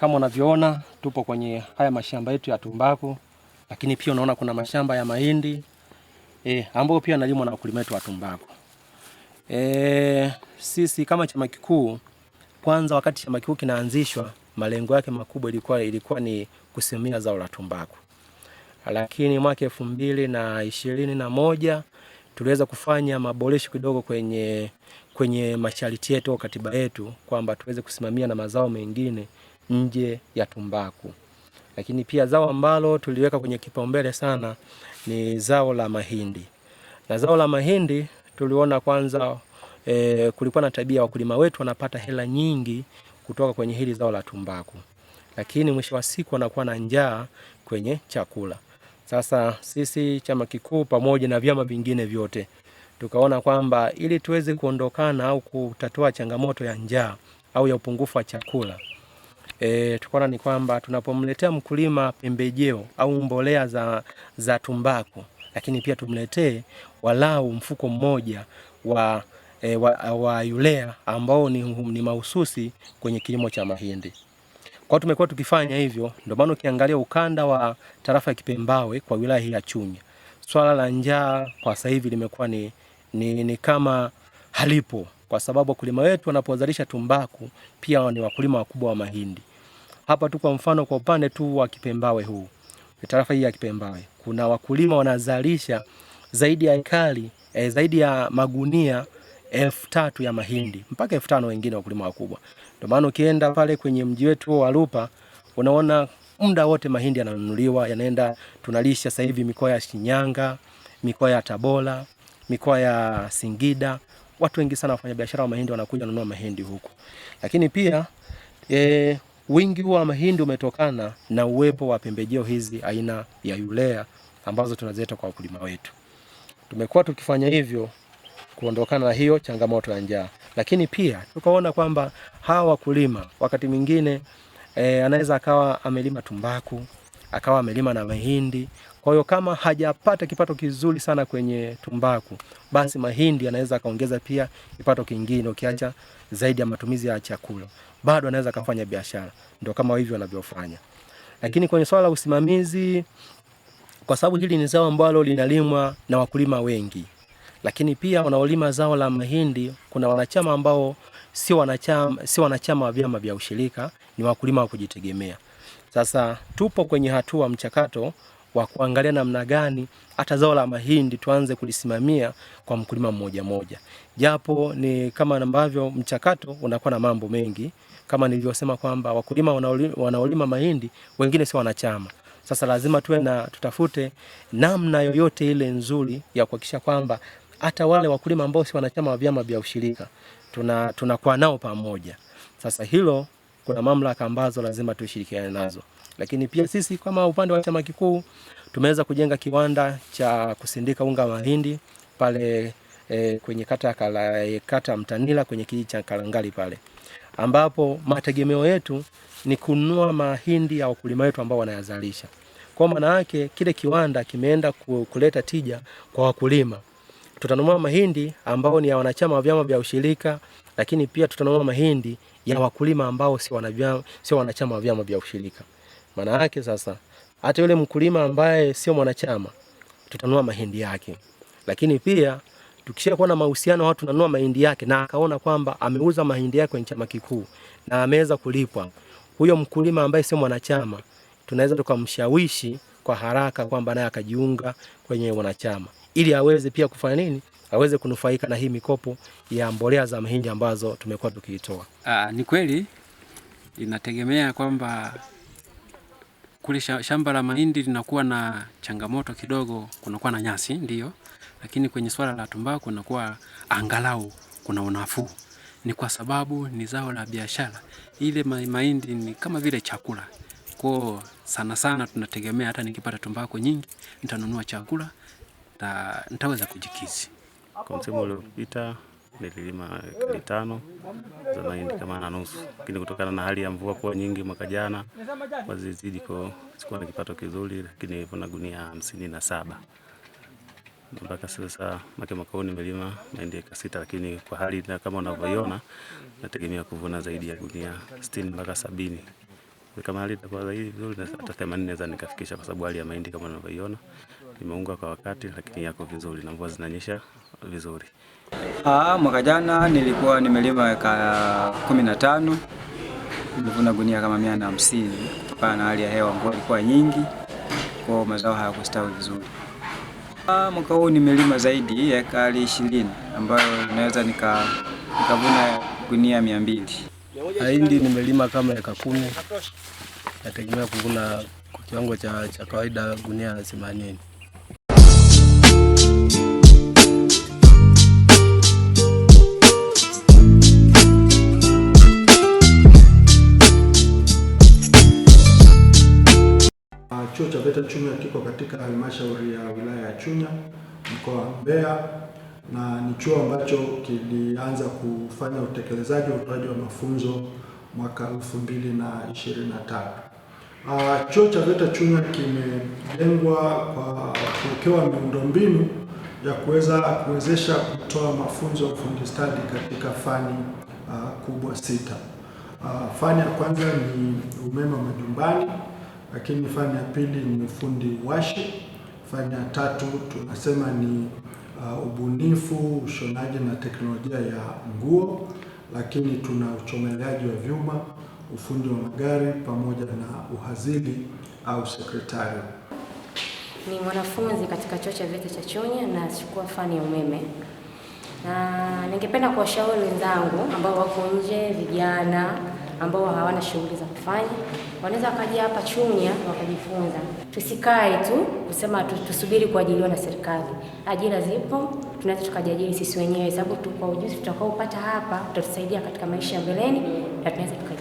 Kama unavyoona tupo kwenye haya mashamba yetu ya tumbaku, lakini pia unaona kuna mashamba ya mahindi e, ambayo pia nalimwa na wakulima wetu wa tumbaku. E, sisi kama chama kikuu, kwanza wakati chama kikuu kinaanzishwa, malengo yake makubwa ilikuwa, ilikuwa ni kusimamia zao la tumbaku, lakini mwaka elfu mbili na ishirini na moja tuliweza kufanya maboresho kidogo kwenye, kwenye masharti yetu au katiba yetu kwamba tuweze kusimamia na mazao mengine nje ya tumbaku. Lakini pia zao ambalo tuliweka kwenye kipaumbele sana ni zao la mahindi, na zao la mahindi tuliona kwanza e, kulikuwa na tabia wakulima wetu wanapata hela nyingi kutoka kwenye hili zao la tumbaku, lakini mwisho wa siku wanakuwa na njaa kwenye chakula. Sasa sisi chama kikuu pamoja na vyama vingine vyote tukaona kwamba ili tuweze kuondokana au kutatua changamoto ya njaa au ya upungufu wa chakula E, tukaona ni kwamba tunapomletea mkulima pembejeo au mbolea za, za tumbaku lakini pia tumletee walau mfuko mmoja wa, e, wa, wa yulea ambao ni, ni mahususi kwenye kilimo cha mahindi. Kwa tumekuwa tukifanya hivyo, ndio maana ukiangalia ukanda wa tarafa ya Kipembawe kwa wilaya hii ya Chunya, swala la njaa kwa sasa hivi limekuwa ni, ni, ni kama halipo kwa sababu wakulima wetu wanapozalisha tumbaku pia ni wakulima wakubwa wa mahindi. Hapa tu kwa mfano, kwa upande tu wa Kipembawe huu, tarafa hii ya Kipembawe kuna wakulima wanazalisha zaidi ya ekari eh, zaidi ya magunia elfu tatu ya mahindi mpaka elfu tano wengine wakulima wakubwa. Ndio maana ukienda pale kwenye mji wetu wa Lupa unaona muda wote mahindi yananunuliwa yanaenda, tunalisha sasa hivi mikoa ya Shinyanga, mikoa ya Tabora, mikoa ya Singida watu wengi sana wafanyabiashara wa mahindi wanakuja kununua mahindi huku, lakini pia e, wingi wa mahindi umetokana na uwepo wa pembejeo hizi aina ya yulea ambazo tunazileta kwa wakulima wetu. Tumekuwa tukifanya hivyo kuondokana na hiyo changamoto ya njaa, lakini pia tukaona kwamba hawa wakulima wakati mwingine e, anaweza akawa amelima tumbaku akawa amelima na mahindi kwa hiyo kama hajapata kipato kizuri sana kwenye tumbaku, basi mahindi anaweza akaongeza pia kipato kingine, ukiacha zaidi ya matumizi ya chakula, bado anaweza akafanya biashara, ndio kama hivyo wanavyofanya. Lakini kwenye swala la usimamizi, kwa sababu hili ni zao ambalo linalimwa na wakulima wengi, lakini pia wanaolima zao la mahindi kuna wanachama ambao si wanachama, si wanachama wa vyama vya ushirika, ni wakulima wa kujitegemea. Sasa tupo kwenye hatua mchakato wa kuangalia namna gani hata zao la mahindi tuanze kulisimamia kwa mkulima mmoja mmoja, japo ni kama ambavyo mchakato unakuwa na mambo mengi kama nilivyosema kwamba wakulima wanaolima mahindi wengine sio wanachama. Sasa lazima tuwe na tutafute namna yoyote ile nzuri ya kuhakikisha kwamba hata wale wakulima ambao si wanachama wa vyama vya ushirika tunakuwa tuna nao pamoja. Sasa hilo kuna mamlaka ambazo lazima tushirikiane nazo, lakini pia sisi kama upande wa chama kikuu tumeweza kujenga kiwanda cha kusindika unga wa mahindi pale e, kwenye kata kala, e, kata Mtanila kwenye kijiji cha Kalangali pale, ambapo mategemeo yetu ni kununua mahindi ya wakulima wetu ambao wanayazalisha. Kwa maana yake kile kiwanda kimeenda kuleta tija kwa wakulima. Tutanunua mahindi ambao ni ya wanachama wa vyama vya ushirika, lakini pia tutanunua mahindi ya wakulima ambao sio wana sio wanachama wa vyama vya ushirika. Maana yake sasa hata yule mkulima ambaye sio mwanachama tutanua mahindi yake, lakini pia tukisha kuwa na mahusiano watu nanua mahindi yake na akaona kwamba ameuza mahindi yake kwenye chama kikuu na ameweza kulipwa, huyo mkulima ambaye sio mwanachama tunaweza tukamshawishi kwa haraka kwamba naye akajiunga kwenye wanachama ili aweze pia kufanya nini aweze kunufaika na hii mikopo ya mbolea za mahindi ambazo tumekuwa tukiitoa. Ah, ni kweli inategemea kwamba kule shamba la mahindi linakuwa na changamoto kidogo, kunakuwa na nyasi ndiyo, lakini kwenye swala la tumbaku kunakuwa angalau kuna unafuu. Ni kwa sababu ni zao la biashara, ile mahindi ni kama vile chakula kwa sana sana tunategemea hata nikipata tumbaku nyingi nitanunua chakula nitaweza kujikizi. Kwa msimu uliopita nililima ekari tano, za mahindi kama na nusu, lakini kutokana na hali ya mvua kuwa nyingi mwaka jana wazizidi ko sikuwa na kipato kizuri, lakini nilivuna gunia hamsini na saba mpaka sasa make mwaka huu nimelima mahindi eka sita, lakini kwa hali na kama unavyoiona nategemea kuvuna zaidi ya gunia sitini mpaka sabini. Kama hali itakuwa zaidi vizuri, hata themanini naweza nikafikisha, kwa sababu hali ya mahindi kama unavyoiona imeunga kwa wakati, lakini yako vizuri na mvua zinanyesha vizuri. Ah, mwaka jana nilikuwa nimelima eka kumi na tano nilivuna gunia kama mia na hamsini kutokana na hali ya hewa, mvua ilikuwa nyingi, kwa mazao hayakustawi vizuri. Ah, mwaka huu nimelima zaidi ekari ishirini ambayo naweza nikavuna gunia mia mbili. Mahindi nimelima kama eka kumi, nategemea kuvuna kwa kiwango cha, cha kawaida gunia themanini. Chuo cha VETA Chunya kiko katika halmashauri ya wilaya ya Chunya mkoa wa Mbeya, na ni chuo ambacho kilianza kufanya utekelezaji wa utoaji wa mafunzo mwaka 2023. Uh, ah, chuo cha VETA Chunya kimejengwa kwa kuwekewa miundombinu ya kuweza kuwezesha kutoa mafunzo ya ufundi stadi katika fani uh, kubwa sita. Uh, fani ya kwanza ni umeme wa majumbani lakini fani ya pili ni ufundi washi, fani ya tatu tunasema ni uh, ubunifu, ushonaji na teknolojia ya nguo, lakini tuna uchomeleaji wa vyuma, ufundi wa magari pamoja na uhazili au sekretari. Ni mwanafunzi katika chuo cha VETA cha Chunya na nachukua fani ya umeme, na ningependa kuwashauri wenzangu ambao wako nje, vijana ambao hawana shughuli za kufanya, wanaweza wakaja hapa Chunya wakajifunza. Tusikae tu kusema tusubiri kuajiliwa na serikali. Ajira zipo, tunaweza tukajiajiri sisi wenyewe, sababu kwa ujuzi tutakaopata hapa utatusaidia katika maisha ya mbeleni na tunaweza